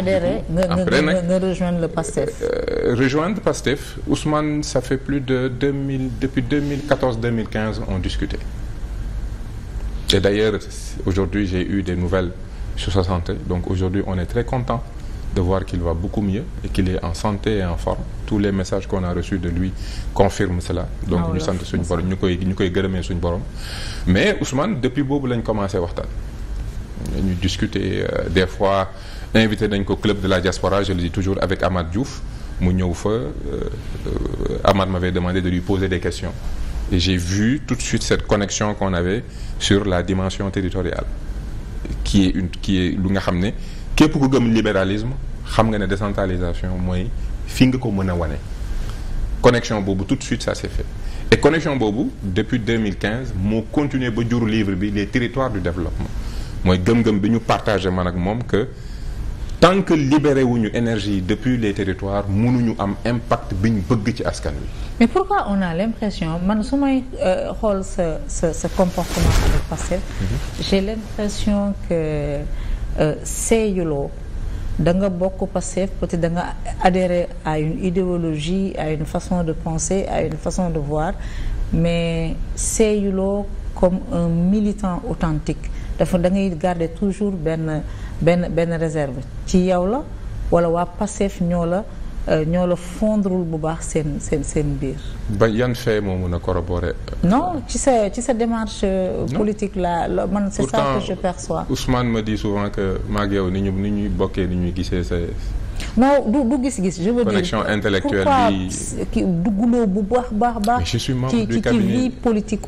adhéré nga nga nga rejoindre le PASTEF. Euh, euh, rejoindre PASTEF Ousmane ça fait plus de deux depuis deux mille quatorze deux mille quinze on discutait et d'ailleurs aujourd'hui j'ai eu des nouvelles sur sa santé donc aujourd'hui on est très content de voir qu'il va beaucoup mieux et qu'il est en santé et en forme tous les messages qu'on a reçus de lui confirment cela donc ah, ñu sant suñu borom ñu koy ñu koy gërëmee suñu borom mais Ousmane depuis boobu lañ commencé waxtaan ñu discuter euh, des fois invité dañ ko club de la diaspora je le dis toujours avec Amath Diouf mu ñëw fa euh, Amath m'avait demandé de lui poser des questions et j'ai vu tout de suite cette connexion qu'on avait sur la dimension territoriale qui est une qui est lu nga xam ne képp ku gëm libéralisme xam nga ne décentralisation mooy fi nga ko mën a wane connexion boobu tout de suite ça s'est fait et connexion boobu depuis 2015 moo continuer ba jur livre bi les territoires du développement mooy gëm-gëm bi ñu partagé man ak moom que tant que libéré wuñu énergie depuis les territoires mënuñu am impact ñu bëgg ci askan bi mais pourquoi on a l'impression man su may euh, xool sa sa sa comportement avec Pastef. Mhm. j'ai l'impression que euh, seeyuloo da nga bokk Pastef peut-être da nga adhérer à une idéologie à une façon de penser à une façon de voir mais seeyuloo comme un militant authentique dafa da ngay garder toujours benn benn benn réserve ci yow la wala waa Pastef ñoo la euh, ñoo la fondrul bu baax seen seen seen biir. ba yan fee moo mun a corroborer. Euh, non ci sa ci sa démarche. Euh, politique la la man c'est ça que je perçois. Ousmane me dit souvent que maag yow ni ñu ni ñuy bokkee ni ñuy gisee sa. non du du gis-gis je veux connexion dire intellectuelle bi dugguloo bu baax baax baax. je suis membre du cabinet ci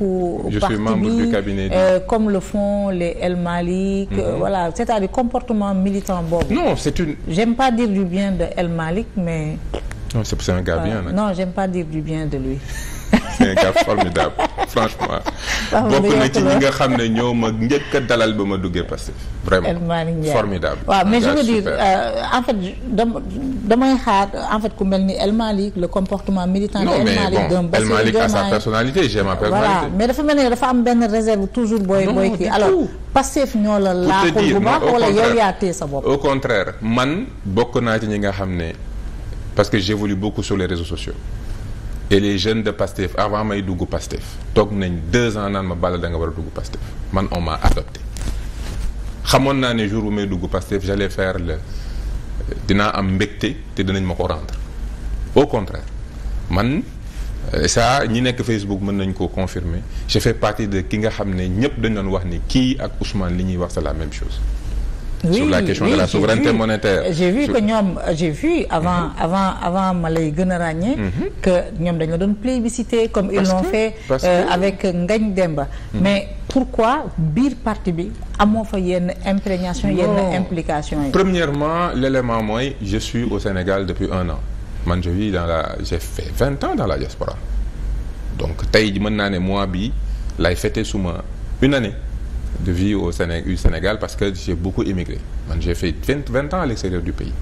euh, comme le font les El Malik. Mm-hmm. voilà c'est-à-dire comportement militant boobu. non c'est une. j'aime pas dire du bien de El Malik mais. non c'est un gars bien nag. non j'aime pas dire du bien de lui. c'est un gars formidable franchement. bokk na ci ñi nga xam ne ñoo ma njëkk dalal ba ma duggee Pastef vraiment formidable. waaw mais je veux dire euh, en fait damay xaar en fait ku mel ni El Malick le comportement militant. de El Malick non mais bon El Malick a mais dafa mel ne dafa am benn réserve toujours booy booy kii alors Pastef ñoo la laaxul bu baax wala yow yaa téye sa bopp. au contraire man bokk naa ci ñi nga xam ne parce que j'évolue beaucoup sur les réseaux sociaux. et les jeunes de Pastef avant may dugg Pastef toog nañ deux ans naan ma Balla da nga war a dugg Pastef man on m'a xamoon naa ne jour bu may dugg Pastef j'allais faire la dinaa am mbégte te dinañ ma ko rendre au contraire man euh, ça ñi nekk Facebook mën nañ koo confirmer je fais de ki nga xam ne ñëpp dañ doon wax ni kii ak Ousmane li ñuy wax c'est la même chose oui, sur la question oui, de la souveraineté vu, monétaire. j'ai vu vu avant mm avant avant ma lay gën a ràññee. Mhm. que ñoom dañoo doon plébiscité comme parce ils l'ont fait euh, que... avec Ngagne Demba. Mhm. mais pourquoi biir parti bi amoo fa yenn imprégnation yenn implication yi. premièrement l'élément mooy je suis au Sénégal depuis un an man je vis dans la j'ai fait vingt ans dans la diaspora donc tey mën naa ne mois bi lay fêté suma une année. de vie au Sénégal parce que j'ai beaucoup immigré. J'ai fait 20, 20 ans à l'extérieur du pays.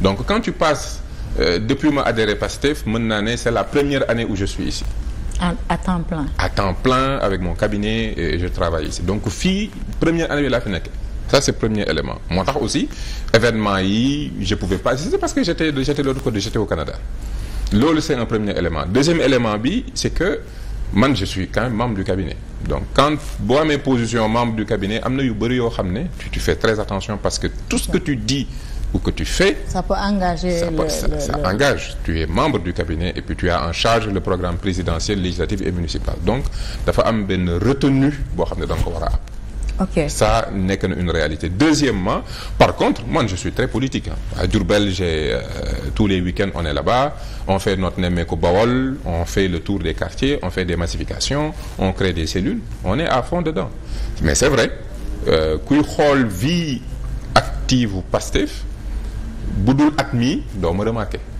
Donc quand tu passes, euh, depuis ma adhéré PASTEF, c'est la première année où je suis ici. À, à, temps plein À temps plein, avec mon cabinet, et je travaille ici. Donc, fille, première année de la c'est le élément. Mon temps aussi, événement, je pouvais pas assister parce que j'étais de l'autre côté, j'étais au Canada. L'eau, c'est un premier élément. Deuxième man je suis quand membre du cabinet donc quand bo amee position membre du cabinet am na yu bëri yoo xam ne tu fais très attention parce que tout ce que tu dis ou que tu fais. ça peut engage tu es membre du cabinet et puis tu as en charge le programme présidentiel législatif et municipal donc dafa am benn retenue boo xam ne da nga ko war a am ok ça nekk na une réalité deuxièmement par contre man je suis très politique ah. à Diourbel j'ai euh, tous les week-ends on est là-bas on fait notre nemmeeku Bawol on fait le tour des quartiers on fait des massifications on crée des cellules on est à fond dedans mais c'est vrai euh, kuy xool vie active u Pastef bu dul at mi doo ma remarqué